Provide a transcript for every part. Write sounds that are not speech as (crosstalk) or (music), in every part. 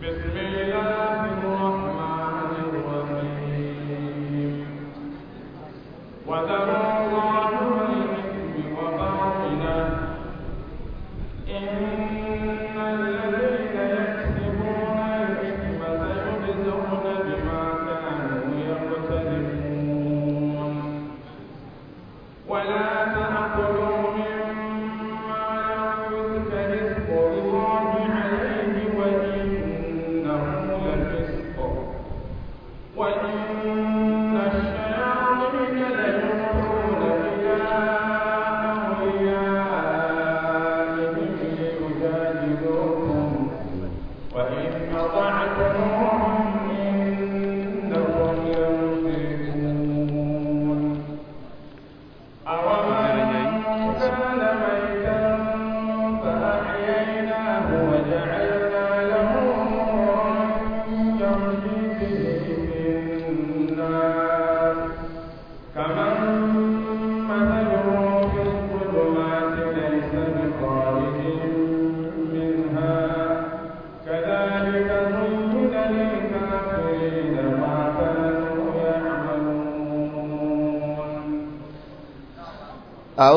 business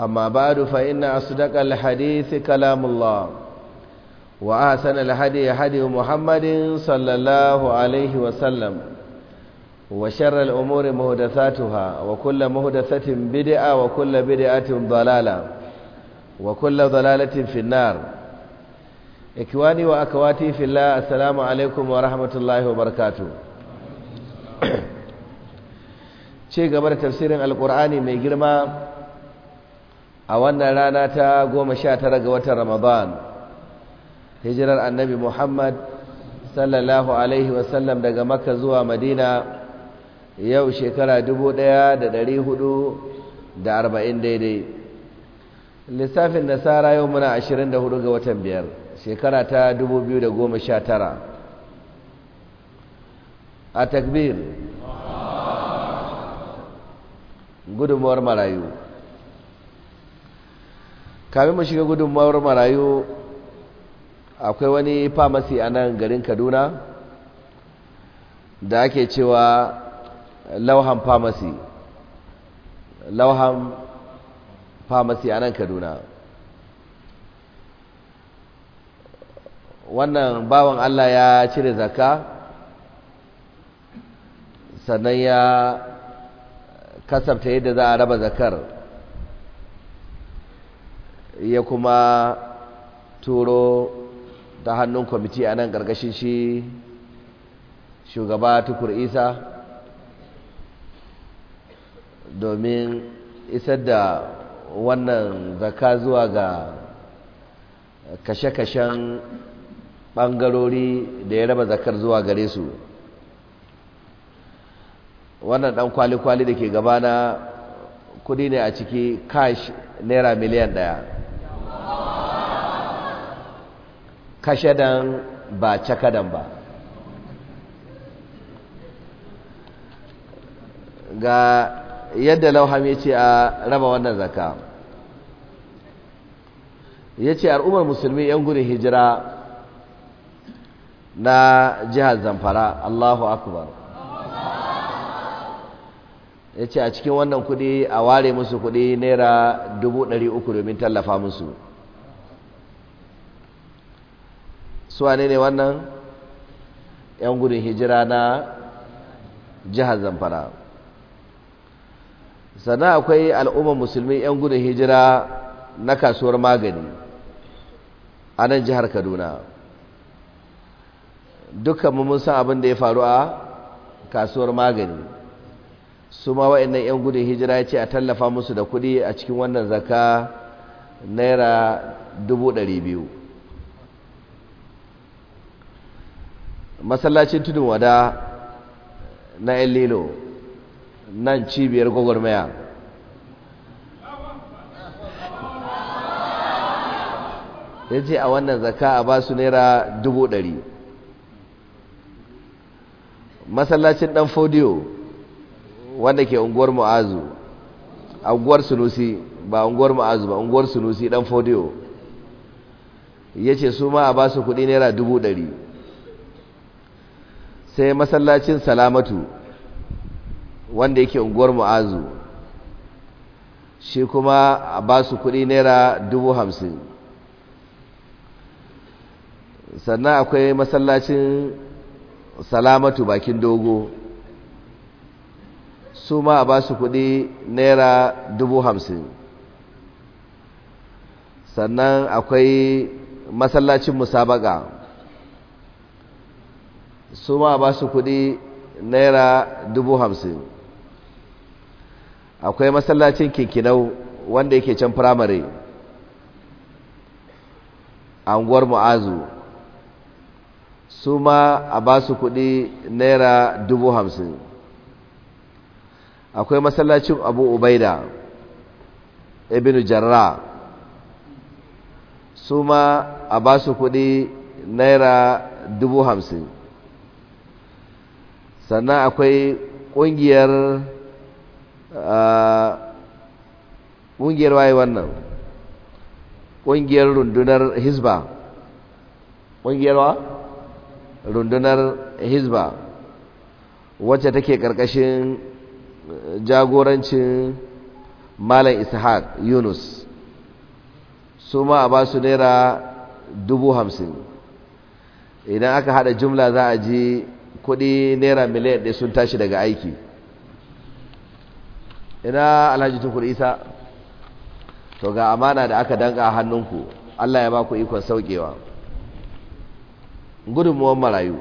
أما بعد فإن أصدق الحديث كلام الله وأحسن الهدي هدي محمد صلى الله عليه وسلم وشر الأمور مهدثاتها وكل مهدثة بدعة وكل بدعة ضلالة وكل ضلالة في النار إكواني وأكواتي في الله السلام عليكم ورحمة الله وبركاته شيء قبل تفسير القرآن من جرمه a wannan rana ta goma sha tara ga watan ramadan hijirar annabi muhammad sallallahu alaihi wasallam daga makka zuwa madina yau shekara dubu ɗaya da ɗari hudu da arba'in daidai lissafin nasara yau muna ashirin da hudu ga watan biyar shekara ta dubu biyu da goma sha tara a takbir gudunmuwar marayu kamin mu shiga gudun gudunmawar marayu akwai wani famasi a nan garin kaduna da ake cewa lauhan famasi lauhan famasi a nan kaduna wannan bawan allah ya cire zakka sannan ya kasafta yadda za a raba zakar ya kuma turo ta hannun kwamiti a nan ƙarƙashin shi shugaba tukur isa domin isar da wannan zaka zuwa ga kashe-kashen ɓangarori da ya raba zakar zuwa gare su wannan ɗan kwali-kwali da ke gabana kudi ne a ciki cash naira miliyan ɗaya kashadan ba cakadan ba ga yadda lauham ya ce a raba wannan zaka ya ce al'ummar musulmi 'yan gudun hijira na jihar zamfara allahu akbar ya ce a cikin wannan kudi a ware musu kudi naira 300 domin tallafa musu su wane ne wannan yan gudun hijira na jihar zamfara sannan akwai al'ummar musulmi yan gudun hijira na kasuwar magani a nan jihar kaduna dukkanmu mun san abin da ya faru a kasuwar magani su ma wa'annan 'yan gudun hijira ya ce a tallafa musu da kuɗi a cikin wannan zaka naira dubu masallacin tudun wada na yan lilo nan cibiyar gwagwarmaya ya ce a wannan zaka a ba su naira dubu dari masallacin ɗan fodiyo wanda ke unguwar mu'azu unguwar sunusi ba unguwar mu'azu ba unguwar sunusi dan fodiyo ya ce su ma a ba su kuɗi naira dubu dari. sai masallacin salamatu wanda yake unguwar mu'azu shi kuma a ba su kuɗi naira dubu hamsin sannan akwai masallacin salamatu bakin dogo su ma a ba su kuɗi naira dubu hamsin sannan akwai masallacin musabaka su ma ba su kuɗi naira dubu hamsin akwai masallacin kinkinau wanda yake can firamare anguwar mu'azu su ma a ba su kuɗi naira dubu hamsin akwai masallacin abu ubaida ibn jarra su ma a ba su kuɗi naira dubu hamsin sannan akwai ƙungiyar ƙungiyar waye wannan ƙungiyar rundunar hizba ƙungiyar wa rundunar hizba wacce take ƙarƙashin eh, jagorancin malam ishaq yunus su ma a ba su naira dubu hamsin idan aka haɗa jumla za a ji kudi naira miliyan ɗaya sun tashi daga aiki ina alhaji tukur isa to ga amana da aka danga a hannunku allah ya ba ikon saukewa gudunmuwan marayu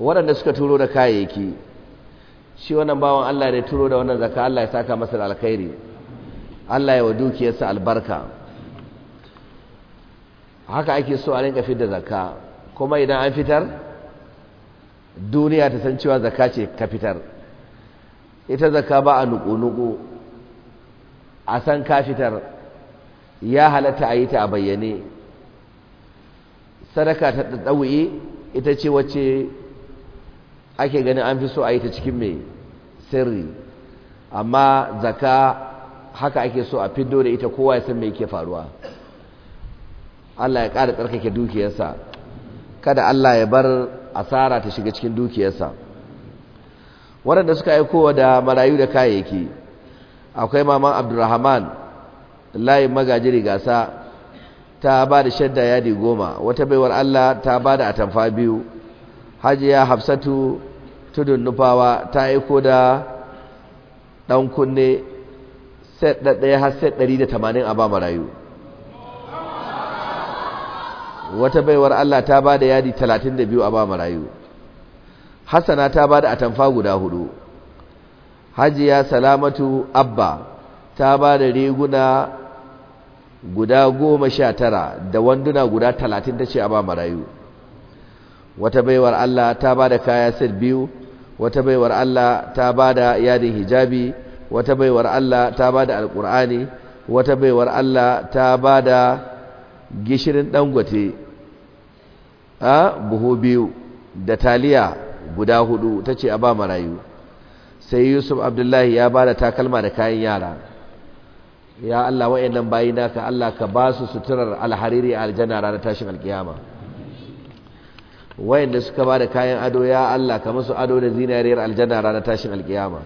waɗanda suka turo da kayayyaki shi wannan bawan allah ne turo da wannan zaka allah ya saka masa da alkhairi allah ya wa dukiyarsa albarka haka ake so a rinka fidda da zakka kuma idan an fitar duniya ta san cewa zaka ce ka fitar ita zaka ba a nuku a san ka fitar ya halatta a yi ta a bayyane sadaka ta ɗaɗɗauye ita ce wacce ake ganin an fi so a yi ta cikin mai sirri amma zaka haka ake so a fiddo da ita kowa ya san mai ke faruwa Allah ya ƙara tsarkake dukiyarsa kada Allah ya bar asara ta shiga cikin dukiyarsa waɗanda suka aikowa da marayu da kayayyaki akwai maman abdurrahman layin magajiri gasa ta ba da shadda yadi goma wata baiwar allah ta ba da atamfa biyu hajiya hafsatu tudun nufawa ta aiko da ɗan kunne set ɗaya har set ɗari da tamanin a ba marayu wata baiwar Allah ta ba da yadi 32 a ba marayu hasana ta ba da atamfa guda hudu hajiya salamatu abba ta ba da riguna guda goma sha tara da wanduna guda talatin ta ce a ba marayu wata baiwar Allah ta ba da kaya sir biyu wata baiwar Allah ta ba da yadin hijabi wata baiwar Allah ta ba da alkur'ani wata baiwar Allah ta ba da gishirin dangote A buhu biyu da taliya guda hudu ta ce a ba marayu sai yusuf abdullahi ya ba da takalma da kayan yara ya allah wa'annan bayi ka allah ka ba su suturar alhariri a aljanna ranar tashin alkiyama wayanda suka ba da kayan ado ya allah ka musu ado da zinariyar aljanna ranar tashin alkiyama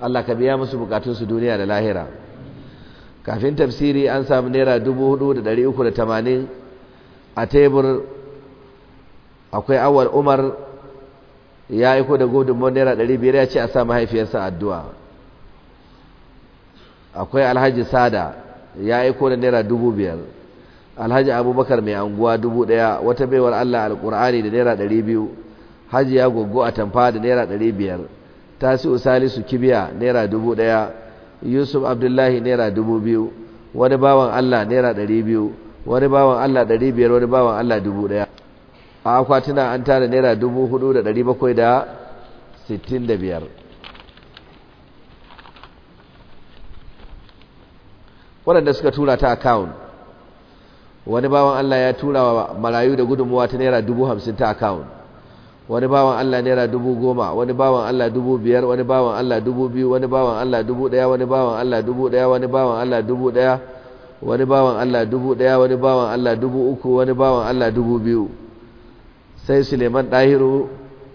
allah ka biya musu bukatunsu duniya da lahira kafin tafsiri an samu naira dubu da a tebur akwai awal umar ya aiko da gudunmuwar naira 500 biyar ya ce a sa mahaifiyarsa addu'a akwai alhaji sada ya aiko da naira dubu biyar alhaji abubakar mai anguwa dubu ɗaya wata baiwar allah alkur'ani da naira 200 biyu haji ya goggo a tamfa da naira ɗari biyar tasi'u salisu kibiya naira dubu ɗaya yusuf abdullahi naira dubu biyu wani bawan allah naira 200 biyu wani bawan allah 500 biyar wani bawan allah dubu ɗaya a akwatuna an tara naira dubu hudu da dari bakwai da sittin da biyar waɗanda suka tura ta akawun wani bawan Allah ya tura wa marayu da gudunmuwa ta naira dubu hamsin ta akawun wani bawan Allah naira dubu goma wani bawan Allah dubu biyar wani bawan Allah dubu biyu wani bawan Allah dubu ɗaya wani bawan Allah dubu ɗaya wani bawan Allah dubu ɗaya wani bawan Allah dubu ɗaya wani bawan Allah dubu uku wani bawan Allah dubu biyu sai suleiman ɗahiru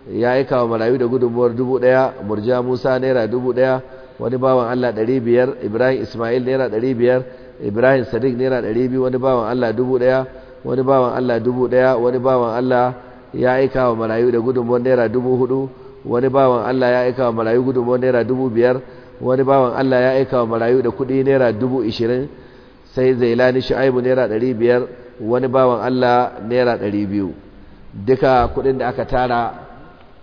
ya aika wa marayu da gudunmuwar dubu ɗaya murja musa naira dubu ɗaya wani bawan allah ɗari biyar ibrahim ismail naira ɗari biyar ibrahim sadiq naira ɗari biyu wani bawan allah dubu ɗaya wani bawan allah dubu ɗaya wani bawan allah ya aika wa marayu da gudunmuwar naira dubu hudu wani bawan allah ya aika wa marayu gudunmuwar naira dubu biyar wani bawan allah ya aika wa marayu da kuɗi naira dubu ishirin sai zailani shu'aibu naira ɗari biyar wani bawan allah naira ɗari biyu duka kudin da aka tara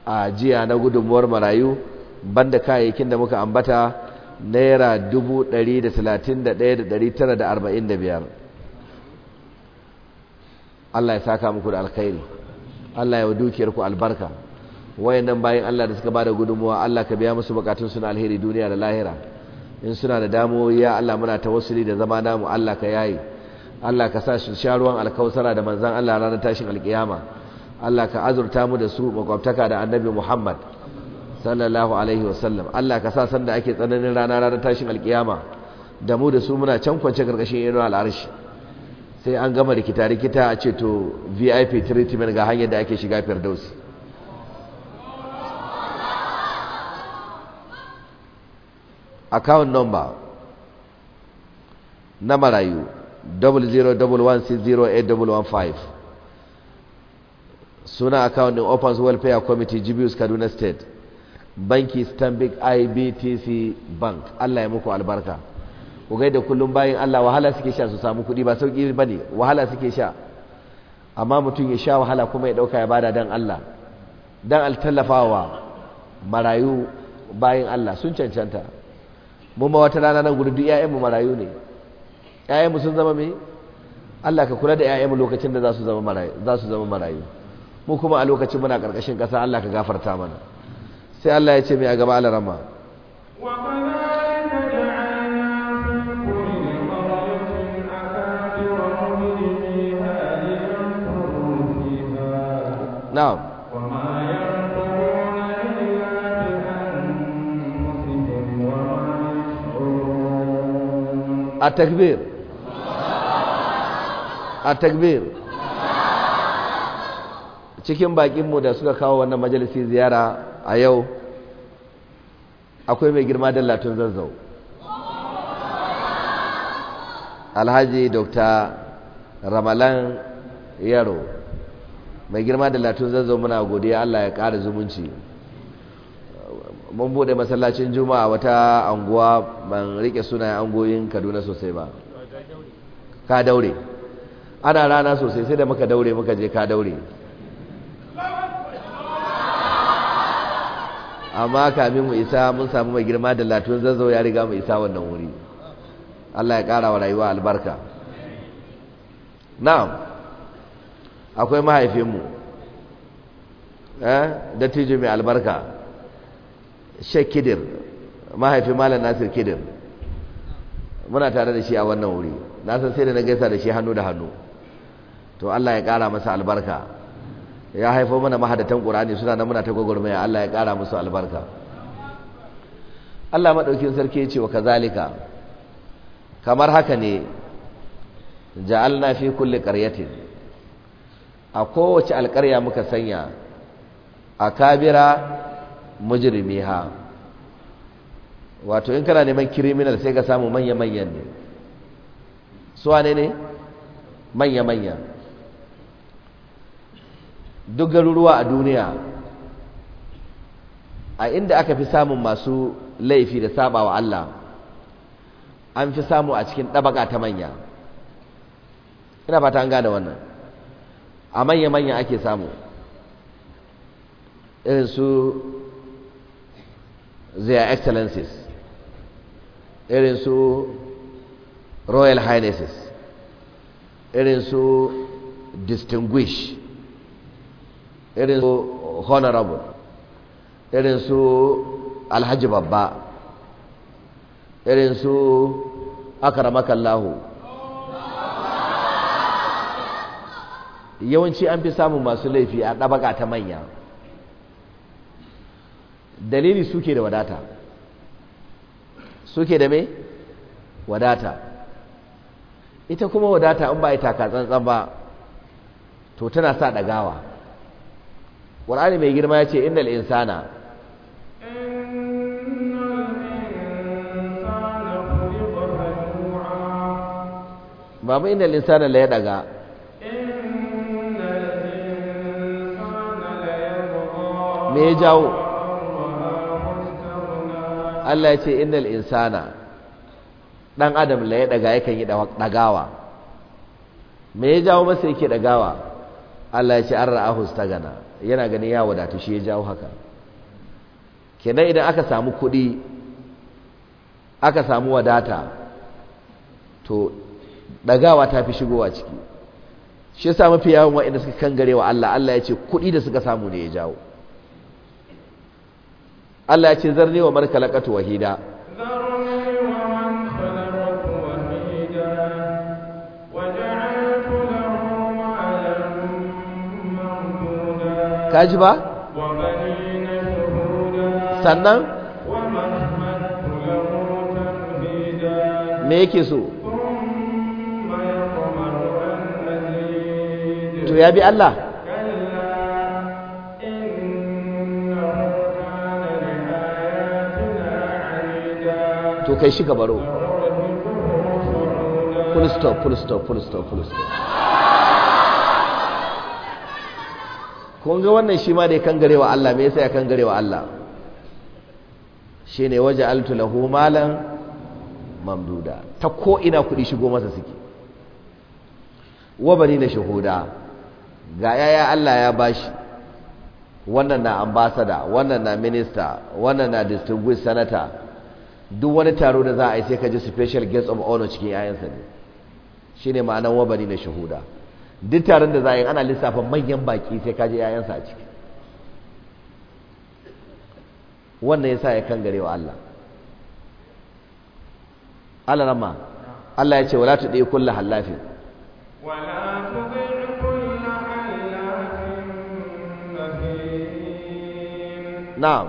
a jiya na gudunmuwar marayu banda kayayyakin da muka ambata naira 131,945 Allah ya saka muku da alkhairi Allah ya dukiyar ku albarka wayannan bayan Allah da suka bada gudunmuwa Allah ka biya musu bukatun suna alheri duniya da lahira in suna da damo ya Allah muna tawassuli da zama namu Allah ka yayi Allah ka sa shi sharuwan alkausara da manzan Allah ranar tashin alkiyama Allah ka azurta mu da su makwabtaka da annabi Muhammad sallallahu alaihi wasallam Allah ka sa sanda ake tsananin rana ranar tashin alkiyama da mu da su muna can kwance karkashin irin al'arshi sai an gama rikita rikita a ce to VIP treatment ga hanyar da ake shiga firdaus account number na marayu 0011608115 suna account din Opens Welfare Committee Jibius Kaduna State banki Stanbic IBTC Bank Allah ya muku albarka ku gai da kullum bayin Allah wahala suke sha su samu kuɗi ba sauƙi ba ne wahala suke sha amma mutum ya sha wahala kuma ya ɗauka ya bada dan Allah dan altallafawa marayu bayin Allah sun cancanta mu ma wata rana nan gudu duk ƴaƴanmu marayu ne ƴaƴanmu sun zama me Allah ka kula da ƴaƴanmu lokacin da za su zama marayu mu kuma a lokacin muna karkashin ƙasa Allah ka gafarta mana sai Allah ya ce mai a gaba alarama takbir. A takbir. cikin bakinmu da suka kawo wannan majalisi ziyara a yau akwai mai girma da latin zazzau alhaji dr ramalan yaro mai girma da latin zazzau muna godiya allah ya kara zumunci mun bude masallacin juma'a wata anguwa ban rike sunayen angoyin kaduna sosai ba ka daure ana rana sosai sai da muka daure muka je ka daure amma kamin mu isa mun samu mai girma da latun zazzau ya riga mu isa wannan wuri Allah ya kara wa rayuwa albarka na'am akwai mahaifinmu eh dattijo mai albarka Sheikh Kidir mahaifin Malam Nasir Kidir muna tare da shi a wannan wuri na san sai da na gaisa da shi hannu da hannu to Allah ya kara masa albarka ya haifo mana mahadatan ƙur'ani suna nan muna ta gwagwarmaya. Allah ya ƙara musu albarka Allah madaukin sarki cewa wa kazalika kamar haka ne ja'alna fi kulle ƙaryatin, a kowace alƙarya muka sanya a mujirimi ha wato in kana neman criminal sai ka samu manya-manyan ne su ne ne manya-manyan duk garuruwa a duniya a inda aka fi samun masu laifi da saba wa Allah an fi samu a cikin ɗabaka ta manya ina fata an gane wannan a manya-manya ake samu irin su their excellencies irin su royal highnesses irin su distinguish irin su honorable irin su alhaji babba irin su akaramakallahu yawanci an fi samun masu laifi a ɗabaka ta manya dalili suke da wadata suke da me wadata ita kuma wadata in ba a yi takatsantsan ba to tana sa ɗagawa ƙur'ani mai girma ya ce innal insana babu inal insana la ya daga me ya jawo Allah ya ce inal insana dan adam la ya daga yakan yi dagawa me ya jawo masa yake dagawa Allah ya ce an ra'ahu stagana yana gani ya wadatu shi ya jawo haka kenan idan aka samu kuɗi aka samu wadata to dagawa ta fi shigowa ciki shi yasa mafi yawan wainda suka kangare wa Allah Allah ya ce kuɗi da suka samu ne ya jawo Allah ya ce zarne wa markalaqatu wahida kaji ba sannan me yake so to ya bi Allah to kai shi gabaro full stop full stop full stop full stop kunga wannan shi ma da ya kangare wa Allah mai sai ya kangare wa Allah Shi ne waje altulahu malan mamduda ta ko ina kudi shigo masa suke wabari na shahuda ga yaya Allah ya bashi wannan na ambasada, wannan na minista, wannan na distinguished senator duk wani taro da za a yi sai ka ji special guest of honor cikin yayansa ne shi ne ma'anan wabari na shahuda duk taron da za a yi ana lissafa manyan baki sai kaji yayansa a ciki wannan yasa ya kangare wa Allah Allah rama Allah ya ce wala tudi kullu hallafin wala hallafin na'am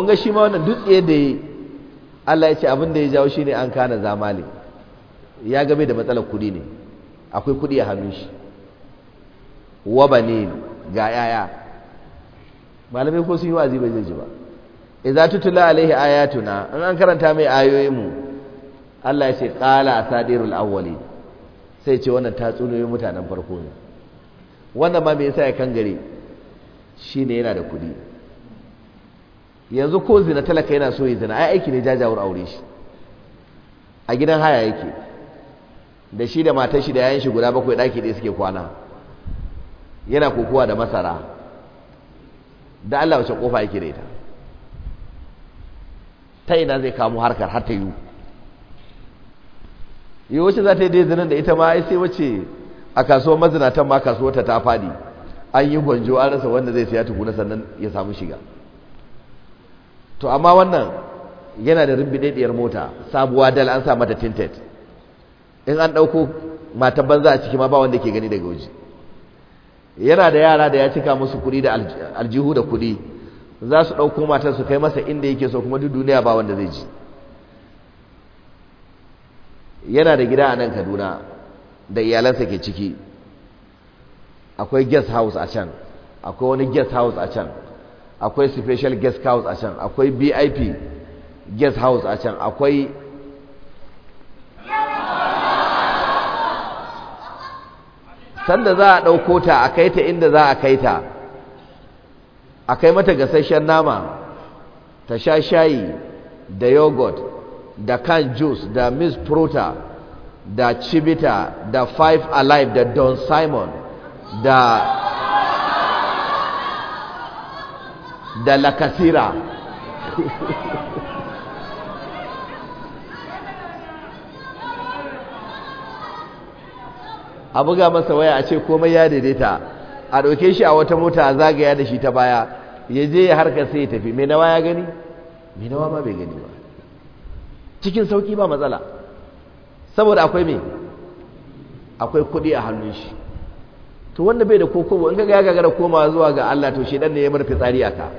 kun ga shi ma wannan dutse da ya Allah ya ce abin da ya jawo shi ne an kana zamali ya game da matsalar kuɗi ne akwai kuɗi a hannun shi waba ne ga yaya malamai ko sun yi zi bai zai ji ba idza tutula alaihi ayatuna in an karanta mai ayoyin mu Allah ya ce qala asadirul awwalin sai ce wannan tatsuniyoyin mutanen farko ne wannan ma me yasa ya kangare shine yana da kuɗi yanzu ko zina talaka yana so ya zina ai aiki ne jajawar aure shi a gidan haya yake da shi da matar shi da yayin shi guda bakwai daki ɗaya suke kwana yana kokowa da masara da Allah wace kofa yake da ita ta ina zai kamo harkar har ta yiwu yi wacce za ta yi zinin da ita ma ai sai wacce a kasuwar mazinatan ma kasuwar ta ta faɗi an yi gwanjo an rasa wanda zai siya tukuna sannan ya samu shiga to amma wannan yana da rubidaidiyar mota sabuwa dal an sa mata tinted in an ɗauko matan banza a ciki ma ba wanda ke gani daga waje yana da yara da ya cika musu kuɗi da aljihu da kuɗi za su ɗauko matan su kai masa inda yake so kuma duk duniya ba wanda zai ji yana da gida a nan kaduna da iyalansa ke ciki akwai guest house a can akwai wani guest house a can akwai special guest house a can akwai bip guest house a can akwai sanda za a ɗauko ta a kai ta inda za a kai ta a kai mata gasasshen nama ta sha shayi da yogurt da kan juice da miss prota da chibita da five alive da don simon da da la kasira. a buga masa waya a ce komai ya daidaita a ɗauke shi a wata mota a zagaya da shi ta baya ya je ya harkar sai ya tafi mai nawa ya gani mai nawa ma bai gani ba cikin sauƙi ba matsala saboda akwai mai akwai kuɗi a hannun shi to wanda bai da kokobo in ga ya gagara komawa zuwa ga Allah to shedan ne ya bar fitsari aka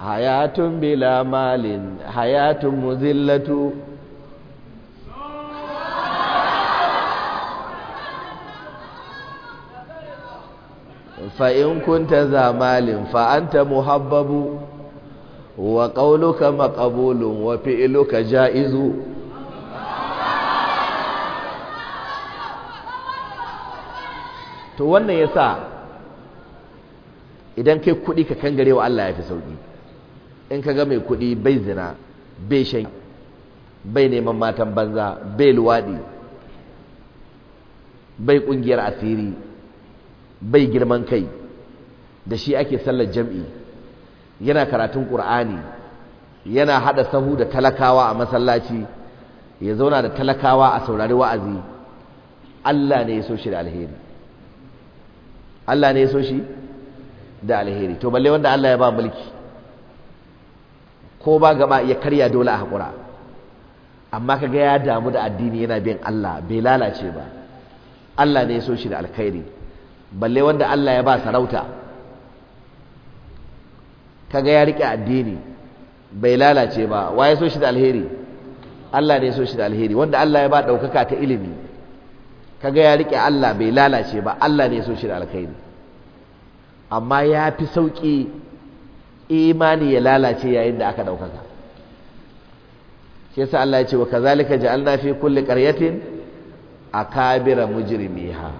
hayatun bila malin hayatun muzillatu in kunta za malin fa'anta muhabbabu wa ƙaunuka maƙabulun wa filuka ja'izu to wannan ya sa, idan kai kuɗi ka kangare wa Allah ya fi sauƙi in ka ga mai kuɗi bai zina bai shan bai neman matan banza bai luwaɗi bai ƙungiyar asiri bai girman kai da shi ake sallar jam'i yana karatun ƙur'ani yana haɗa sahu da talakawa a masallaci ya zauna da talakawa a saurari wa'azi Allah ne ya so shi da alheri Allah ne ya so shi da alheri to balle wanda Allah ya ba mulki ko ba gaba ya karya dole a haƙura amma kaga ya damu da addini yana bin Allah bai lalace ba Allah ne ya so shi da alkhairi balle wanda Allah ya ba sarauta kaga ya rike addini bai lalace ba wa ya so shi da alheri Allah ne ya so shi da alheri wanda Allah ya ba ɗaukaka ta ilimi kaga ya rike Allah bai lalace ba Allah ne so shi da alkhairi amma ya fi sauƙi imani ya lalace yayin da aka ɗaukaka shi yasa Allah ya ce wa kazalika ja'alna fi kulli qaryatin akabira mujrimiha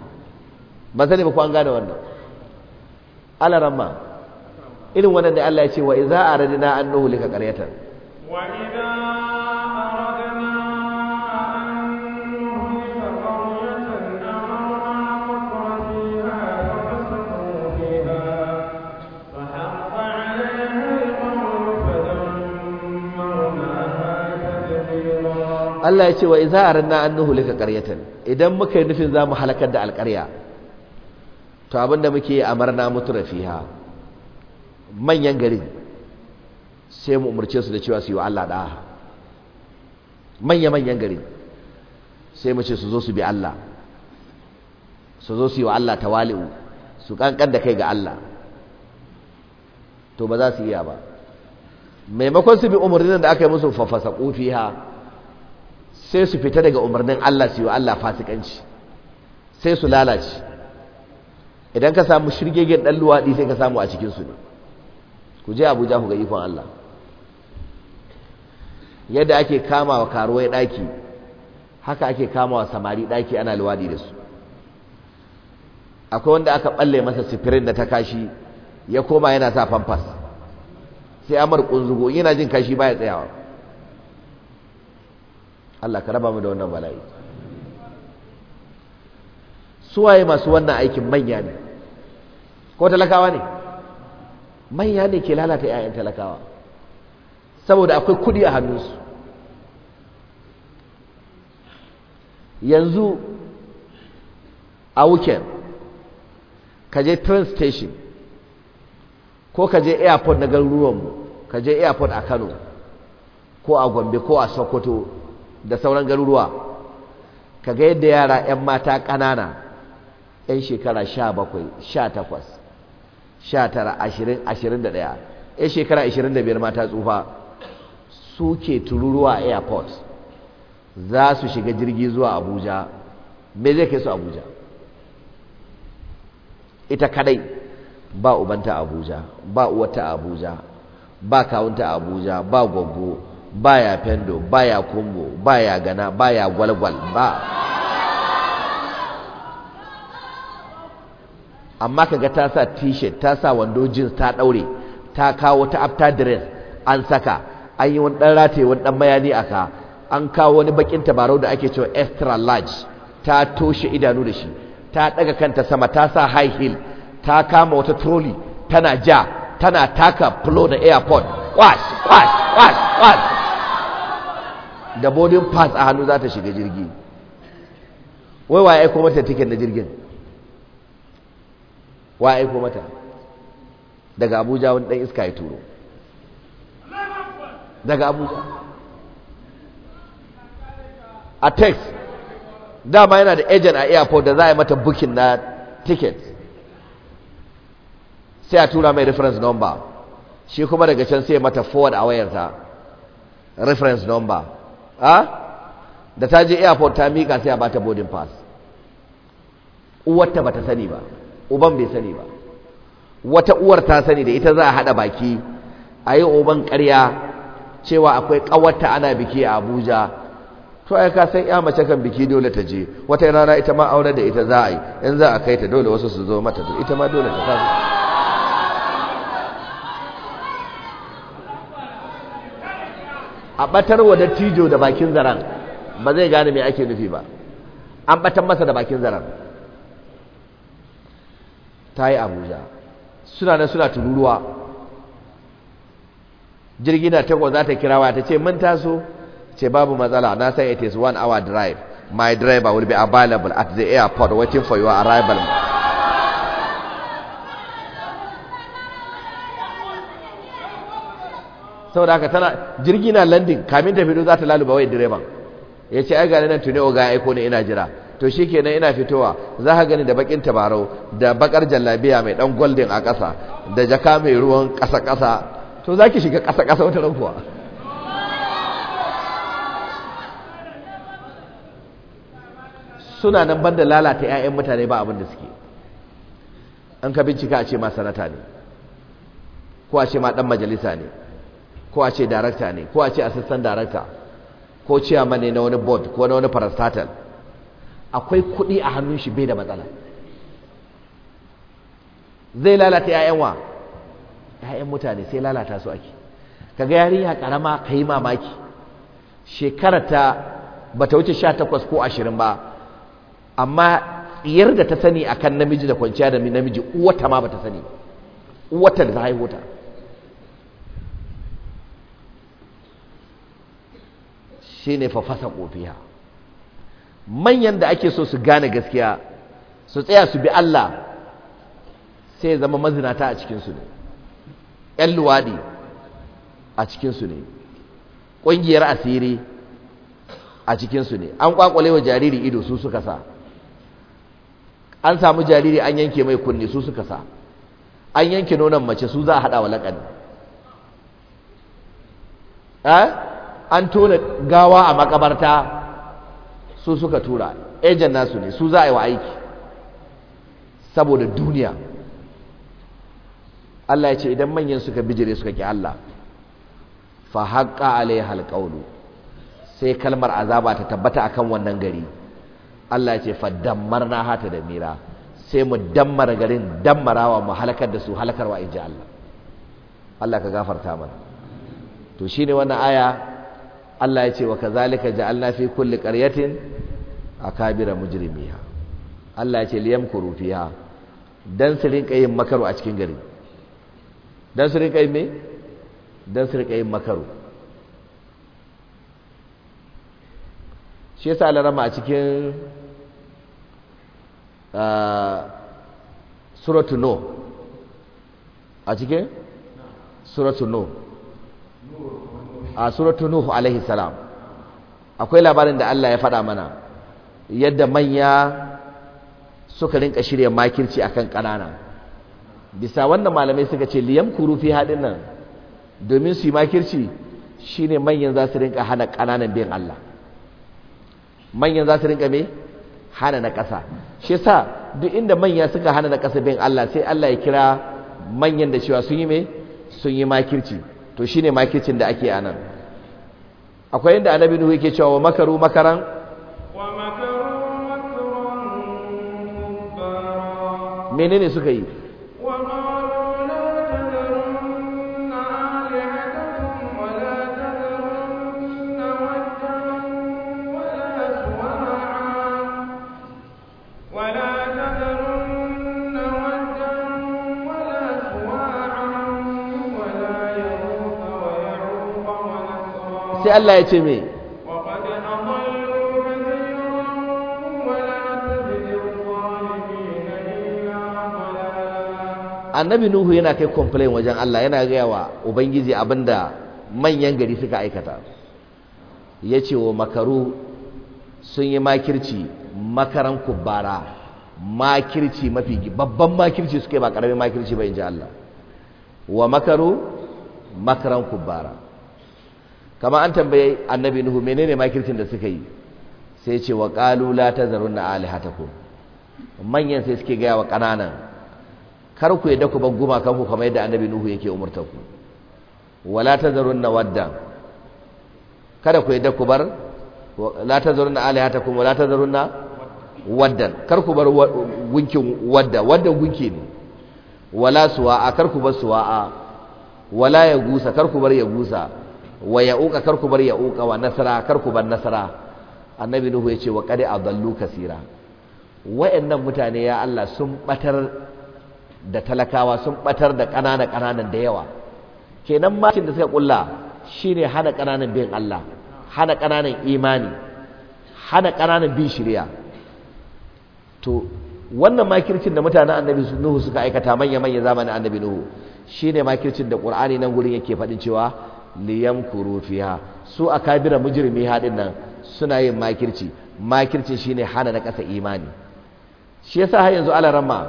ba sani ba ku an gane wannan alaramma irin wannan da Allah ya ce wa idza aradna annahu lika qaryatan wa idza Allah ya ce wa iza aradna annahu lika qaryatan idan muka yi nufin zamu halakar da alƙarya to abinda muke amarna mutura fiha manyan garin sai mu umurce su da cewa su yi wa Allah da manya manyan garin sai mu ce su zo su bi Allah su zo su yi wa Allah tawali'u su kankan da kai ga Allah to ba za su iya ba maimakon su bi umarnin da aka yi musu fafasa ha. sai su fita daga umarnin Allah su yi wa Allah fasikanci sai su lalace idan ka samu shirgegen ɗan luwaɗi sai ka samu a cikinsu ne ku je abuja ku ga ikon Allah yadda ake kama wa karuwai ɗaki haka ake kama wa samari ɗaki ana luwaɗi da su akwai wanda aka ɓalle masa sifirin da ta kashi ya koma yana sa famfas sai amar ƙunzugo yana jin kashi baya tsayawa Allah ka raba mu da wannan bala'i suwaye masu wannan aikin manya ne ko talakawa ne manya ne ke lalata 'ya'yan talakawa saboda akwai kudi a hannunsu yanzu a wuken ka je train station ko ka je airport na garuruwanmu ka je airport a kano ko a gombe ko a sokoto da sauran garuruwa kaga yadda yara 'yan mata ƙanana 'yan shekara sha bakwai sha takwas sha tara ashirin ashirin da ɗaya 'yan shekara ashirin da biyar mata tsufa suke tururuwa a airport za su shiga jirgi zuwa abuja me zai kai su abuja ita kadai ba ubanta abuja ba uwata abuja ba kawunta abuja ba gwaggo baya fendo baya kumbo baya gana baya gwalgwal ba amma kaga ta sa t-shirt ta sa wando jeans ta ɗaure, ta kawo ta after dress an saka an yi wani dan rataye wani dan mayani aka an kawo wani bakin tabarau da ake cewa extra large ta toshe idanu da shi ta ɗaga kanta sama ta sa high heel ta kama wata trolley tana ja tana taka flow da airport kwash kwash kwash kwash da boarding pass a hannu za ta shiga jirgi wai wa aiko mata tiket na jirgin wa aiko mata daga abuja wani dan iska ya turo daga abuja a text dama yana da agent a airport da za a yi mata booking na ticket sai a tura mai reference number shi kuma daga can sai mata forward a wayarta reference number ha da ta je airport ta mika sai a bata boarding pass uwarta ta sani ba uban bai sani ba wata uwar ta sani da ita za a hada baki a yi uban karya cewa akwai ƙawarta ana biki a abuja to ai ka san ya mace kan biki dole ta je wata rana ita ma aure da ita za a yi in za a kai ta dole wasu su zo mata ita ma dole ta kasu a batar wa dattijo da bakin zaren ba zai gane me ake nufi ba an batar masa da bakin zaren ta yi abuja suna nan suna tururuwa jirgi na takwas za ta kirawa ta ce mun taso ce babu matsala na san it is one hour drive my driver will be available at the airport waiting for your arrival saboda haka tana jirgi na landin kamin ta fito za ta laluba wai direban ya ce ai gani nan tuni oga ya aiko ne ina jira to shi kenan ina fitowa za ka gani da bakin tabarau da bakar jallabiya mai dan goldin a ƙasa da jaka mai ruwan ƙasa-ƙasa to za ki shiga ƙasa-ƙasa wata ran suna nan banda lalata 'ya'yan mutane ba abin da suke an ka bincika a ce ma sanata ne ko a ce ma dan majalisa ne ko a ce darakta ne ko a ce assistant darakta ko chairman ne na wani board ko na wani parastatal akwai kuɗi a hannun shi bai da matsala zai lalata 'ya'yan wa 'ya'yan mutane sai lalata su ake kaga yarinya karama kai mamaki shekarata ta wuce 18 ko 20 ba amma tsiyar da ta sani akan namiji da kwanciya da namiji uwata ma ba ta sani uwata da ta haihu ta ne fa fasa ha. manyan da ake so su gane gaskiya su tsaya su bi Allah sai zama mazinata a cikinsu ne ‘yan luwaɗi a cikinsu ne ƙungiyar asiri a cikinsu ne an ƙwaƙwale wa jariri ido su suka sa an samu jariri an yanke mai kunne su suka sa an yanke nonon mace su za a haɗa wa laƙani eh? an tona gawa a makabarta su suka tura ejen nasu ne su za a yi wa aiki saboda duniya Allah ya ce idan manyan suka bijire suka ki Allah fa haqqa alaiha alqawlu sai kalmar azaba ta tabbata akan wannan gari Allah ya ce fa dammarna hata da mira sai mu dammara garin dammarawa mu halakar da su halakarwa inji Allah Allah ka gafarta mana to shine wannan aya Allah ya ce wa kazalika ja'alna fi kulli qaryatin akabira mujrimiha Allah ya ce liyamkuru fiha dan su rinka yin makaru a cikin gari dan su rinka yin me dan su rinka yin makaru shi yasa larama ah, a cikin suratu no a cikin suratu no a suratu nuhu alaihi salam akwai labarin da Allah ya faɗa mana yadda manya suka rinka shirya makirci akan ƙanana bisa wannan malamai suka ce liyam kuru fi haɗin nan domin su yi makirci shine manyan za su rinka hana ƙananan bin Allah manyan za su rinka me hana na ƙasa shi sa duk inda manya suka hana na ƙasa bin Allah sai Allah ya kira manyan da cewa sun yi me sun yi makirci to shine makicin da ake anan akwai inda annabi nuhu yake cewa makaru makaran wa makaru makaran menene suka yi Allah ya ce me annabi nuhu yana kai complain wajen Allah yana gaya wa ubangiji abinda manyan gari suka aikata ya ce wa makaru sun yi makirci makaran kubbara makirci mafi babban makirci suka yi ba karamin makirci ba in ji Allah wa makaru makaran kubbara kama an tambaye annabi nuhu menene makircin da suka yi sai ce wa qalu la tazarunna alihatakum manyan sai suke gaya wa kananan kar ku yadda ku bar gumakan ku kamar yadda annabi nuhu yake umurtar ku wala tazarunna wadda kada ku yadda ku bar la tazarunna alihatakum wala tazarunna waddan kar ku bar gunkin wadda wadda gunki ne wala suwa'a kar ku bar suwa'a wala ya gusa kar ku bar ya gusa wa ya'uka kar ku bar ya'uka wa nasara kar ku bar nasara annabi nuhu yace wa qad adallu kasira wayannan mutane ya Allah sun batar da talakawa sun batar da kanana kananan da yawa kenan makin da suka kulla shine hana kananan bin Allah hana kananan imani hana kananan bin shari'a to wannan makircin da mutanen annabi nuhu suka aikata manya manya zamanin annabi nuhu shine makircin da qur'ani nan gurin yake faɗin cewa kuru fiha su a kabira mujrimi haɗin nan suna yin makirci makirci shine hana na kasa imani shi yasa har yanzu ala ramma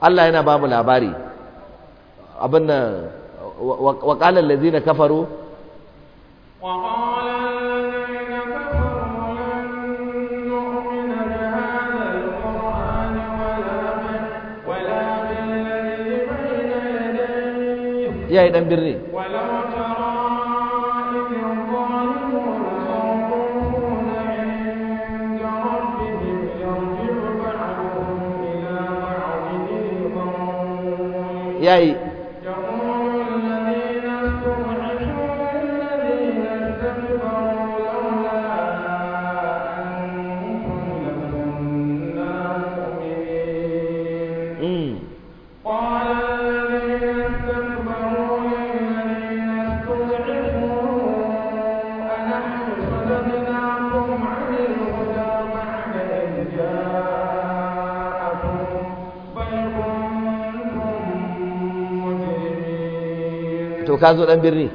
Allah yana ba mu labari abin nan wa qala allazina kafaru wa qala ya yi dan birni yayi ka zo dan birni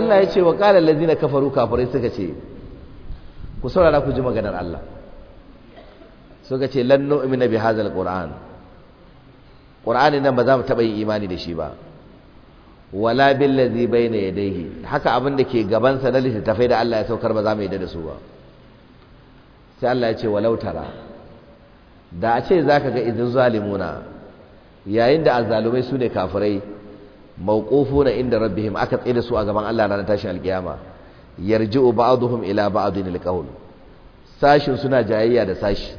Allah ya ce wa qala kafaru kafirai suka ce ku saurara ku ji maganar Allah suka ce lan na bi hadzal qur'an qur'ani nan ba za mu taɓa yin imani da shi ba wala bil ladzi bayna yadayhi haka abin da ke gaban sa na littafai da Allah ya saukar ba za mu yadda da su ba sai Allah ya ce walau tara da a ce zaka ga izin zalimuna yayin da azzalumai sune kafirai na inda rabbihim aka tsaye da su a gaban Allah ranar tashin alkiyama yarji'u ba'dhum ila ba'dhin alqawl sashin suna jayayya da sashi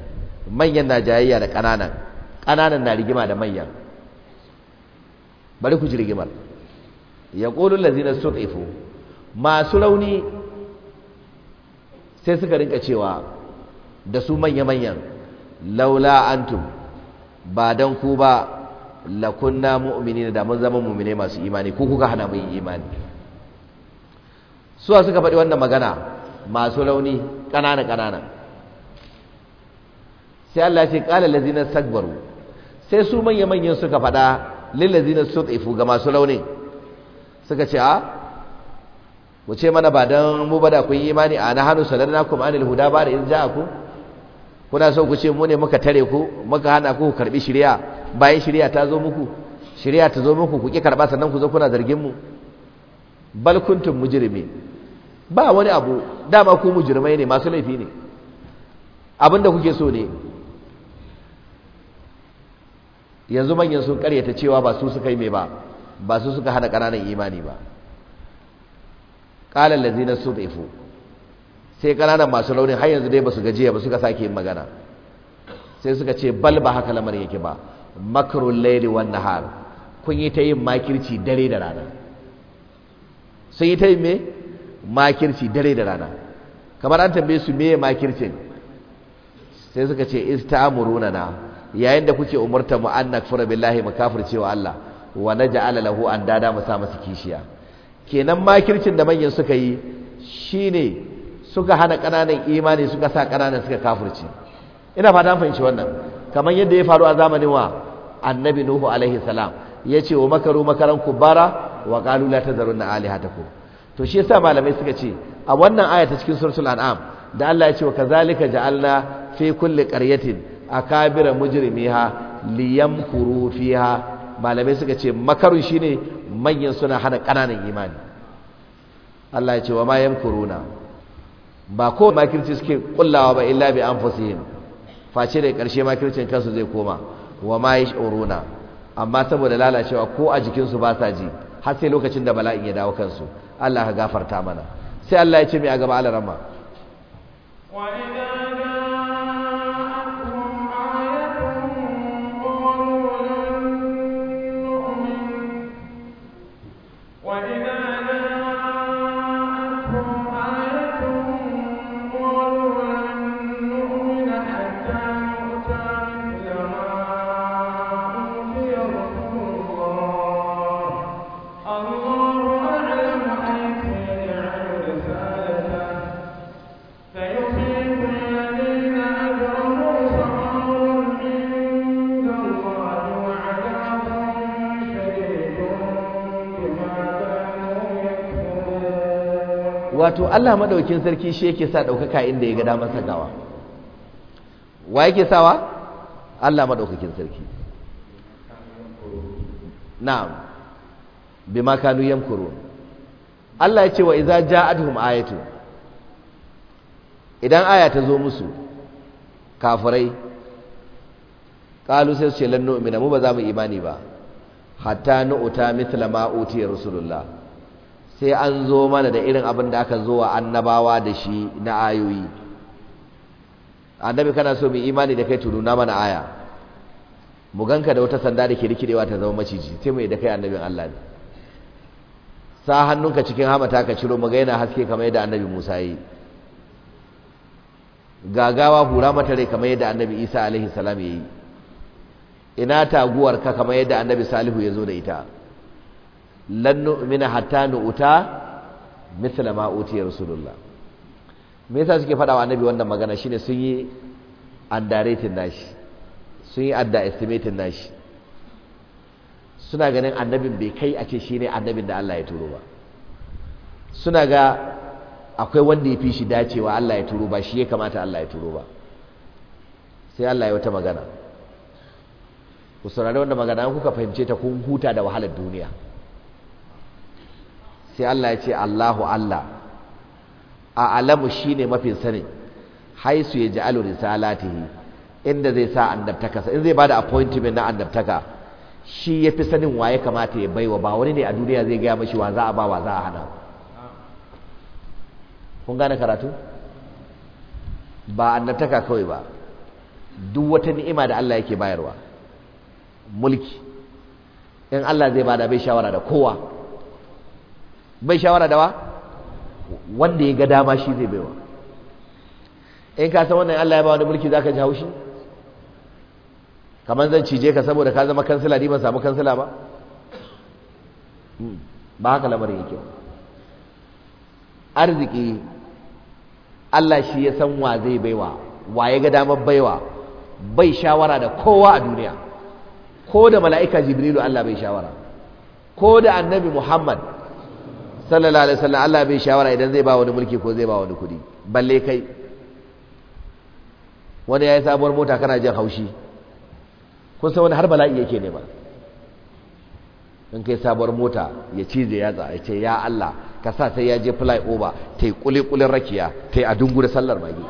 manyan na jayayya da kananan kananan na rigima da manyan bari ku ji rigimar yaqulu allazina sutifu masu rauni sai suka rinka cewa da su manya manyan laula antum ba dan ku ba lakunna mu'minin da mun zama mu'mine masu imani ko kuka hana mun yin imani suwa suka faɗi wannan magana masu rauni ƙanana ƙanana sai Allah ce qala lazina sagbaru sai su manya manyan suka faɗa lil ladzina sutifu ga masu rauni suka ce a mu ce mana ba dan mu bada kun yi imani a na hanu salannakum anil huda ba da in ja'akum kuna so ku ce mu ne muka tare ku muka hana ku karbi shari'a bayan shirya ta zo muku shirya ta zo muku ku karba sannan ku zo kuna zargin mu bal kuntum mujrimin ba wani abu dama ku mujrimai ne masu laifi ne abinda kuke so ne yanzu manyan sun karyata cewa ba su suka yi mai ba ba su suka hana ƙananan imani ba ƙalar lazina su ɗaifu sai ƙananan masu raunin har yanzu dai ba su gajiya ba suka sake yin magana sai suka ce bal ba haka lamar yake ba makarun laili wanda har kun yi ta yin makirci dare da rana sun yi ta yin me makirci dare da rana kamar an tambaye su me makircin sai suka ce is ta muruna na yayin da kuke umarta mu an nakfura billahi mu cewa Allah wa naj'ala lahu andada mu sa masa kishiya kenan makircin da manyan suka yi shine suka hana kananan imani suka sa kananan suka kafirci ina fata an fahimci wannan kamar yadda ya faru a zamanin wa annabi nuhu alaihi salam ya ce wa makaru makaran kubara wa qalu la tazarunna alihatakum to shi yasa malamai suka ce a wannan aya ta cikin suratul an'am da Allah ya ce wa kazalika ja'alna fi kulli qaryatin akabira mujrimiha liyamkuru fiha malamai suka ce makaru shine manyan suna hana kananan imani Allah ya ce wa ma yamkuruna ba ko makirci suke kullawa ba illa bi anfusihim face da ƙarshe makircin kansu zai koma wa ma orona amma saboda lalacewa ko a jikinsu ba sa ji har sai lokacin da bala'in ya dawo kansu Allah ka gafarta mana sai Allah ya ce mai a gaba alaramma wato Allah madaukin sarki shi yake sa ɗaukaka inda ya ga damar sakawa wa yake sawa Allah madaukakin sarki na'am bima kanu yamkurun Allah ya ce wa idza ja'atuhum ayatu idan aya ta zo musu kafirai qalu sai su ce lan mu ba za mu imani ba hatta nu'ta mithla ma utiya rasulullah sai an zo mana da irin abin da aka zo wa annabawa da shi na ayoyi annabi kana so mu imani da kai na mana aya mu ganka da wata sanda da ke rikidewa ta zama maciji sai mu yi da kai annabin Allah ne sa hannunka cikin hamata ka ciro mu ga yana haske kamar yadda annabi Musa yi gagawa hura mata rai kamar yadda annabi Isa alaihi salam yi ina taguwar ka kamar yadda annabi Salihu ya zo da ita lan nu'mina hatta nu'ta mithla ma utiya rasulullah me yasa suke fada wa annabi wannan magana shine sun yi underrating nashi sun yi underestimating nashi suna ganin annabin bai kai a ce shine annabin da Allah ya turo ba suna ga akwai wanda ya fi shi dacewa Allah ya turo ba shi ya kamata Allah ya turo ba sai Allah ya wata magana ku saurari wanda magana kuka fahimce ta kun huta da wahalar duniya sai Allah ya ce Allahu Allah a alamu shine mafi sani haisu ya ja'alu risalatihi inda zai sa sa in zai ba da appointment na andabtaka shi ya fi sanin waye kamata ya baiwa ba wani ne a duniya zai gaya mashi wa za a ba wa za a hana kun gane karatu ba annabtaka kawai ba duk wata ni'ima da Allah yake bayarwa mulki in Allah zai ba da bai shawara da kowa bai shawara da wa wanda ya ga dama shi zai baiwa in ka san wannan Allah ya ba wani mulki zaka ji haushi kamar zan cije ka saboda ka zama kansila ni ban samu kansila ba hmm, ba haka lamarin yake arziki Allah shi ya san wa zai baiwa wa ya ga damar baiwa bai shawara da kowa a duniya ko da mala'ika jibrilu Allah bai shawara ko da annabi Muhammad sallallahu alaihi wasallam Allah bai shawara idan zai ba wani mulki ko zai ba wani kudi balle kai wani yayi sabuwar mota kana jin haushi kun san wani har bala'i yake ne ba in kai sabuwar mota ya cize ya ya ce ya Allah ka sa sai ya je fly over ta yi kulikulin rakiya ta yi a dungu da sallar magi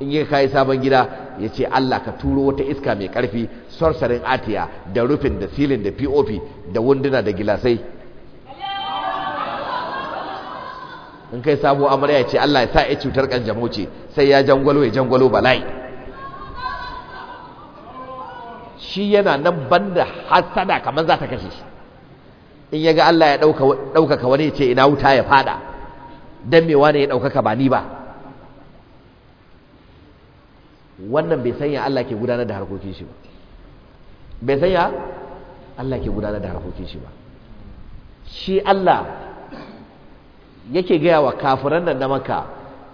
in yi kayi sabon gida ya ce Allah ka turo wata iska mai ƙarfi sorsarin atiya da rufin da silin da pop da wunduna da gilasai in kai sabo amarya ce Allah ya sa ya cutar kanjamau ce sai ya jangwalo ya jangwalo bala'i shi yana nan banda hasada kamar za ta kashe shi in ya ga Allah ya ɗaukaka wani ya ce ina wuta ya fada don mewa ne ya ɗaukaka ba ni ba wannan bai sanya Allah ke gudanar da harkokin shi ba bai sanya Allah ke gudanar da harkokin shi ba shi Allah yake gaya wa kafiran nan na maka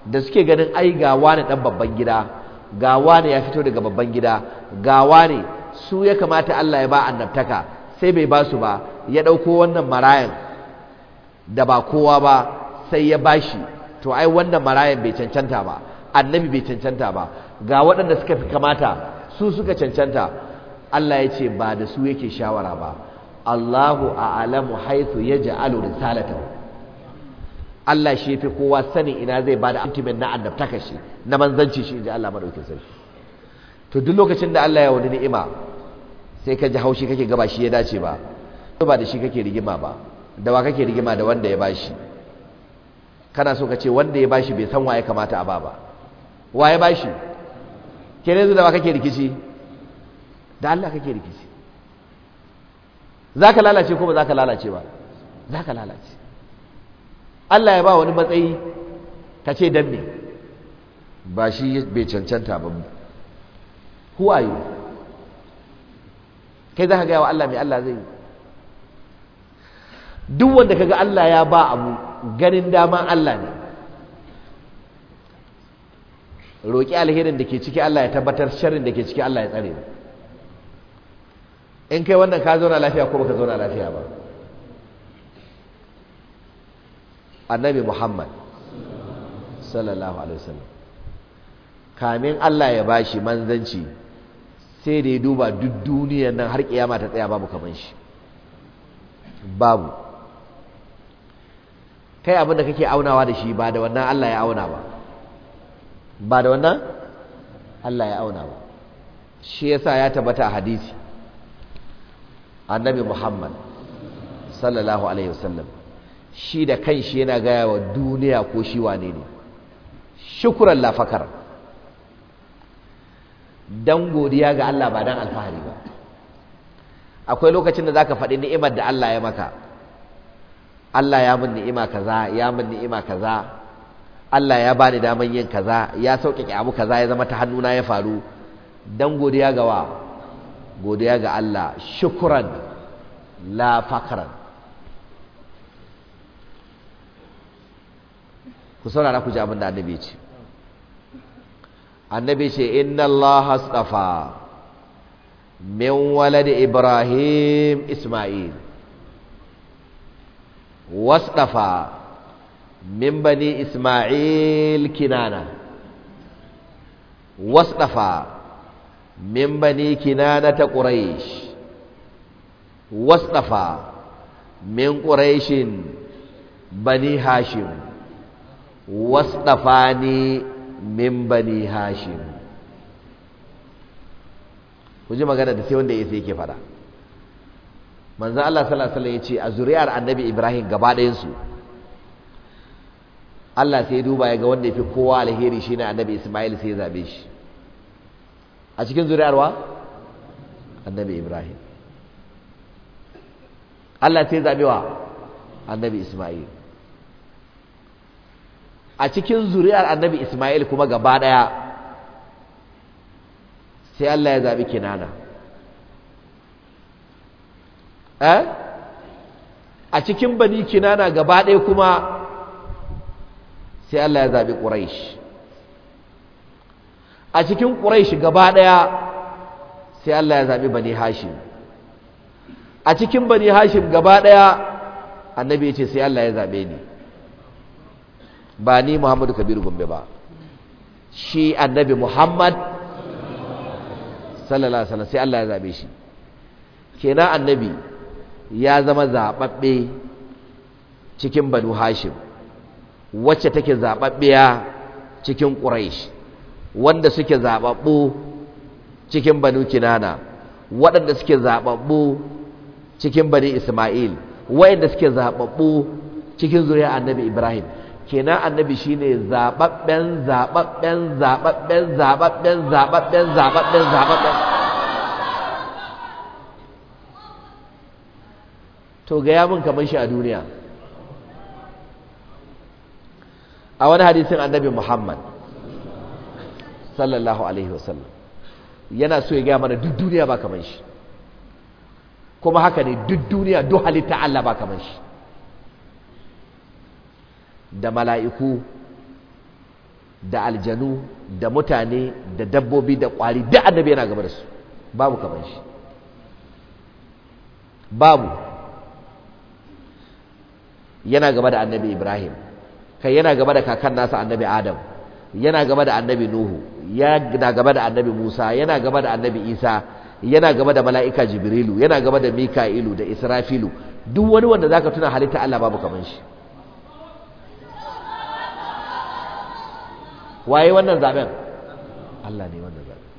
da suke ganin ai ga wani dan babban gida ga wani ya fito daga babban gida ga wani su ya kamata Allah ya ba annabtaka sai bai ba su ba ya ɗauko wannan marayan da ba kowa ba sai ya bashi to ai wannan marayan bai cancanta ba annabi bai cancanta ba ga waɗanda suka fi kamata su suka cancanta Allah ya ce ba da su yake shawara ba Allahu a'lamu haythu yaj'alu risalatahu Allah shi fi kowa sani ina zai bada ultimate na annabtaka shi na manzanci shi inji Allah madaukakin sarki to duk lokacin da Allah ya wani ni'ima sai ka ji haushi kake gaba shi ya dace ba ba da shi kake rigima ba da wa kake rigima da wanda ya bashi kana so ka ce wanda ya bashi bai san waye kamata a ba ba waye bashi kene ne da wa kake rikici da Allah kake rikici zaka lalace ko ba zaka lalace ba zaka lalace Allah ya ba wani matsayi ta ce dan me ba shi bai cancanta ba who are you kai za ka gaya wa Allah mai Allah zai yi duk wanda ka ga Allah ya ba abu ganin daman Allah ne roƙi alherin da ke ciki Allah ya tabbatar sharrin da ke ciki Allah ya tsare in kai wannan ka zauna lafiya ko baka zauna lafiya ba annabi muhammad sallallahu alaihi wasallam kamin Allah ya bashi manzanci sai da ya duba duk duniyar nan har kiyama ta tsaya babu kaman shi babu kai abin da kake aunawa da shi ba da wannan Allah ya auna ba ba da wannan Allah ya auna ba shi yasa ya tabbata a hadisi annabi Muhammad sallallahu alaihi wasallam shi da shi yana gaya wa duniya ko shi wane ne shukuran lafakar dan godiya ga Allah ba dan alfahari ba akwai lokacin da zaka faɗi ni'imar da Allah ya maka Allah ya min ni'ima kaza ya min ni'ima kaza Allah ya bani daman yin kaza ya sauƙaƙe abu kaza ya zama ta hannuna ya faru dan godiya ga wa godiya ga Allah shukuran la ku saurara ku ji abin da annabi ce annabi ce inna allaha astafa min walad ibrahim isma'il wastafa min bani isma'il kinana wastafa min bani kinana ta quraish wastafa min quraishin bani hashim wasdafani min bani hashim ku ji magana da sai wanda ya sai yake fada manzo Allah sallallahu alaihi wasallam yace a zuriyar annabi Ibrahim gaba ɗayan su Allah sai duba ya ga wanda yafi kowa alheri shine annabi Ismail sai ya zabe shi a cikin zuriyar wa annabi Ibrahim Allah sai zabe wa annabi Ismail a cikin zuri'ar annabi Ismail kuma gaba ɗaya sai Allah ya zaɓi kinana eh a cikin bani kinana gaba ɗaya kuma sai Allah ya zaɓi ƙuraish a cikin ƙuraish gaba ɗaya sai Allah ya zaɓi bani hashim a cikin bani hashim gaba ɗaya annabi ya ce sai Allah ya zaɓe ni ba ni Muhammadu Kabiru Gombe ba shi annabi Muhammad sallallahu alaihi wasallam sai Allah ya zabe shi kenan annabi ya zama zababbe cikin Banu Hashim wacce take zababbiya cikin Quraysh wanda suke zababbu cikin Banu Kinana waɗanda suke zababbu cikin Bani Isma'il wayanda suke zababbu cikin zuriyar annabi Ibrahim kenan annabi shine zababben zababben zababben zababben zababben zababben zababben to ga yamin kamar shi a duniya a wani hadisin annabi Muhammad sallallahu alaihi wasallam yana so ya gaya mana duk duniya ba kamar shi kuma haka ne duk duniya duk halitta Allah ba kamar shi da mala'iku da aljanu da mutane da dabbobi da ƙwari, da annabi yana gaba da su babu kamar shi babu yana gaba da annabi Ibrahim kai yana gaba da kakan nasa annabi Adam yana gaba da annabi Nuhu yana gaba da annabi Musa yana gaba da annabi Isa yana gaba da mala'ika Jibrilu yana gaba da Mika'ilu da Israfilu duk wani wanda zaka tuna halitta Allah babu kamar shi waye wannan zaben Allah ne wannan zaben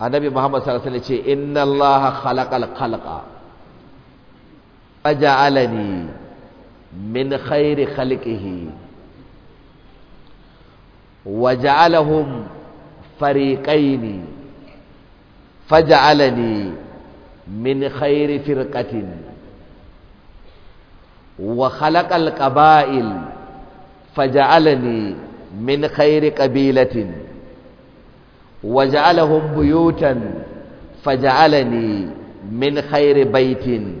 annabi Muhammad sallallahu alaihi wasallam ce inna Allah khalaqal khalqa aja'alani min khairi khalqihi waja'alahum fariqaini faja'alani min khairi firqatin wa khalaqal qaba'il faja'alani min khairi qabilatin wa ja'alahum buyutan faj'alani min khairi baitin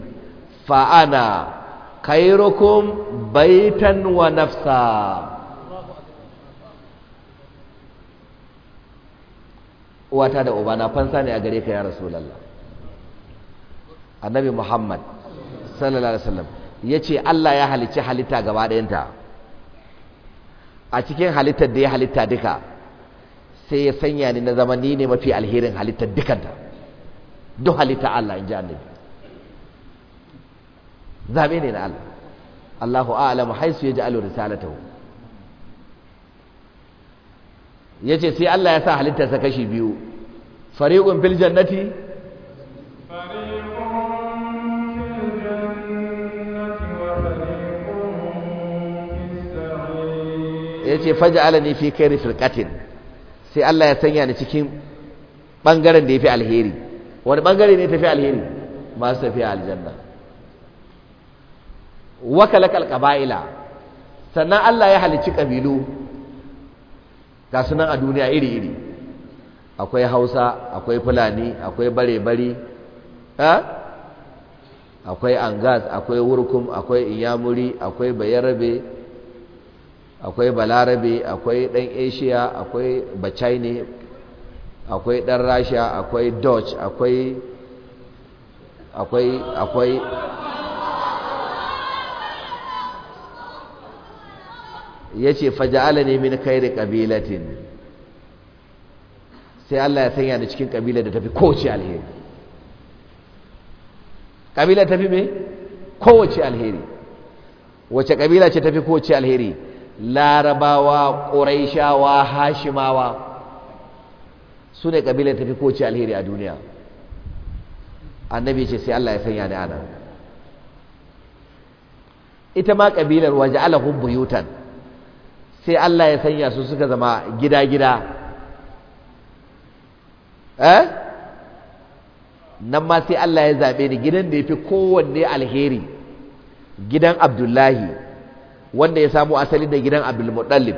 Fa'ana ana baitan wa nafsa uwata da ubana fansa ne a gare ka ya rasulullah annabi muhammad sallallahu alaihi wasallam yace Allah ya halicci halitta gaba ɗayanta a cikin halittar da ya halitta duka sai ya sanya ni na zama ni ne mafi alherin halittar dukanta duk halitta Allah in ji annabi zabe ne na Allah Allahu a'lam haisu ya yaj'alu risalatahu yace sai Allah ya sa halittarsa kashi biyu fariqun fil jannati fariqun ya ce faja alani fi kairi firkatin sai Allah ya sanya ni cikin ɓangaren da ya fi alheri wani ɓangare ne tafi alheri masu tafiya aljanna wakalaka alƙaba'ila sannan Allah ya halicci ƙabilu ga sunan a duniya iri-iri akwai hausa akwai fulani akwai bare-bari akwai angas akwai wurkum akwai iyamuri akwai bayarabe akwai balarabe akwai ɗan asia akwai bachaini akwai ɗan rasha akwai dutch akwai akwai akwai ya ce faja'ala ne min kairi ƙabilatin sai Allah ya sanya da cikin kabila da tafi kowace alheri kabila tafi mai kowace alheri wace ƙabila ce tafi kowace alheri larabawa ƙuraishawa hashimawa su ne ƙabilar tafi koci alheri a duniya annabi ce sai Allah ya sanya ni ana ita ma ƙabilar waje alahun buyutan sai Allah ya sanya su suka zama gida-gida eh nan ma sai Allah ya zaɓe ni gidan da ya fi kowanne alheri gidan abdullahi wanda ya samu asali da gidan abdulmutallib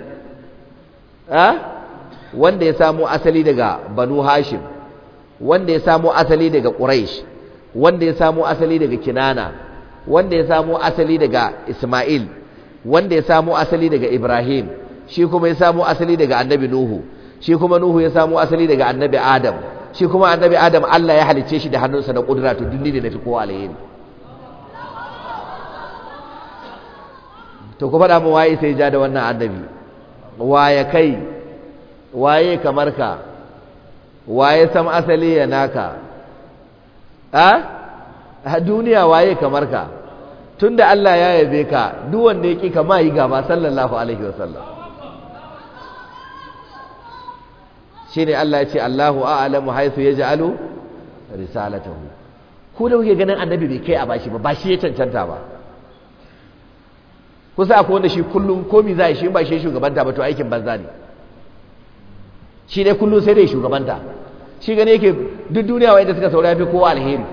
wanda ya samu asali daga banu hashim wanda ya samu asali daga quraish wanda ya samu asali daga kinana wanda ya samu asali daga isma'il wanda ya samu asali daga ibrahim shi kuma ya samu asali daga annabi nuhu shi kuma nuhu ya samu asali daga annabi adam shi kuma annabi adam Allah ya halicce shi da hannunsa na ƙudura to duk ne na fi kowa alheri to ku faɗa min waye sai ja da wannan annabi waye kai waye kamar ka waye sam asali ya naka a duniya waye kamar ka tunda Allah ya yabe ka duk wanda yake kama yi gaba sallallahu alaihi wasallam ne Allah ya ce Allahu a'lamu haythu yaj'alu risalatahu ko da kuke ganin annabi bai kai a bashi ba ba shi ya cancanta ba kusa akwai wanda shi kullum komi za a shi ba shi shugabanta ba to aikin banza ne shi dai kullum sai dai shugabanta shi gane yake duk duniya wa inda suka saura fi kowa alheri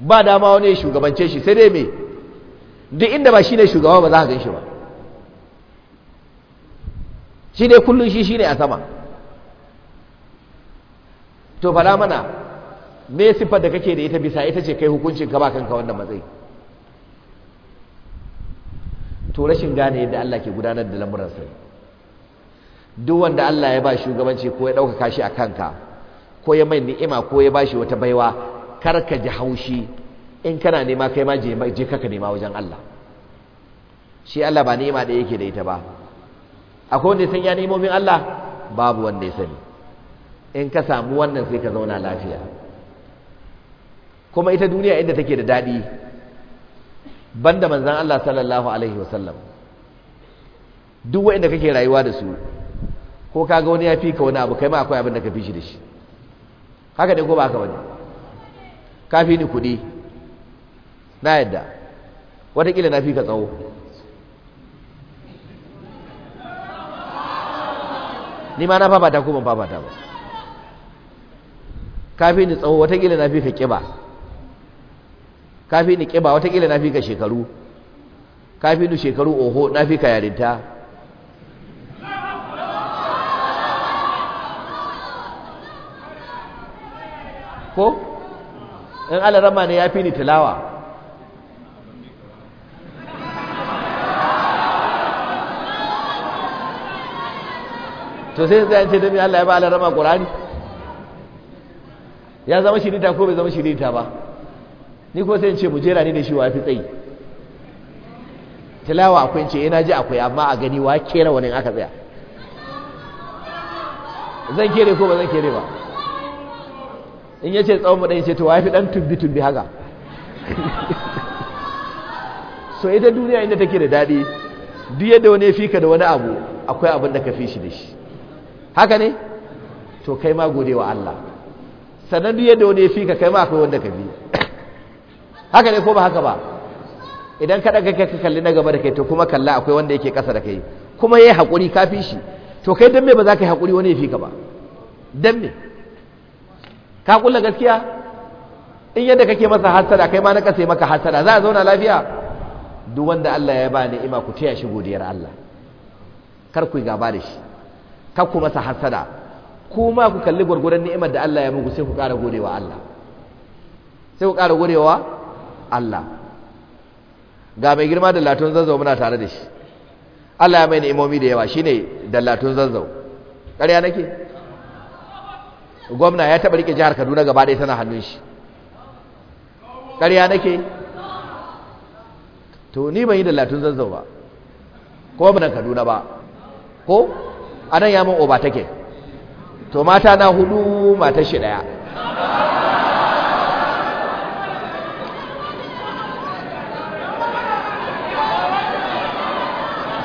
ba dama wani ya shugabance shi sai dai me duk inda ba shi ne shugaba ba za ka ganshi ba shi dai kullum shi shi ne a sama to fara mana me siffar da kake da ita bisa ita ce kai hukuncin ka ba kanka wanda matsayi to rashin gane yadda Allah ke gudanar da lamuransa duk wanda Allah ya ba shugabanci ko ya ɗaukaka shi a kanka ko ya mai ni'ima ko ya ba shi wata baiwa kar ka ji haushi in kana nema kai ma je kaka nema wajen Allah shi Allah ba ni'ima da yake da ita ba akwai wanda ya san ya Allah babu wanda ya sani in ka samu wannan sai ka zauna lafiya kuma ita duniya inda take da daɗi banda manzan Allah sallallahu alaihi wasallam duk wanda kake rayuwa da su ko kaga wani ya fi ka wani abu kai ma akwai abin da ka fi shi da shi haka dai ko ba haka bane ka fi ni kuɗi na yadda wataƙila na fi ka tsawo ni ma na fafata ko ban fafata ba ka fi ni tsawo wataƙila na fi ka kiba ka fi ni ƙiba watakila na fi ka shekaru ka fi ni shekaru oho na fi ka yarinta ko in alarama ne ya fi ni tilawa to sai zai ce dami Allah ya ba alarama ƙorani ya zama shirita ko bai zama shirita ba ni ko sai in ce mu jera ni da shi wa fi tsayi tilawa akwai ce ina eh, ji akwai amma a gani wa kera wani aka tsaya zan kere ko ba zan kere ba in yace tsawon mu dan ce to wa fi dan tubbi tubbi haka (laughs) so ita duniya inda take da dadi duk yadda wani ya fika da wani abu akwai abin da ka fi shi da shi haka ne to kai ma gode wa Allah sannan duk yadda wani ya fika kai ma akwai wanda ka fi haka ne ko ba haka ba idan ka daga kai ka kalli na gaba da kai to kuma kalla akwai wanda yake kasa da kai kuma yayi hakuri ka fi shi to kai dan me ba za ka yi hakuri wani ya fi ka ba dan me ka kula gaskiya in yadda kake masa hasada kai ma na kasa maka hasada za a zauna lafiya duk wanda Allah ya ba ni'ima ku taya shi godiyar Allah kar ku gaba da shi kar ku masa hasada ku ma ku kalli gurgurar ni'imar da Allah ya muku sai ku ƙara godewa Allah sai ku ƙara godewa Allah ga mai girma latun zazzau muna tare da shi Allah ya mai ni'imomi da yawa shine latun zazzau ƙarya nake gwamna ya taɓa rike jihar Kaduna gaba ɗaya tana hannun shi ƙarya nake to ni ban yi latun zazzau ba ko ban Kaduna ba ko anan ya mun oba take to mata na hudu mata shi daya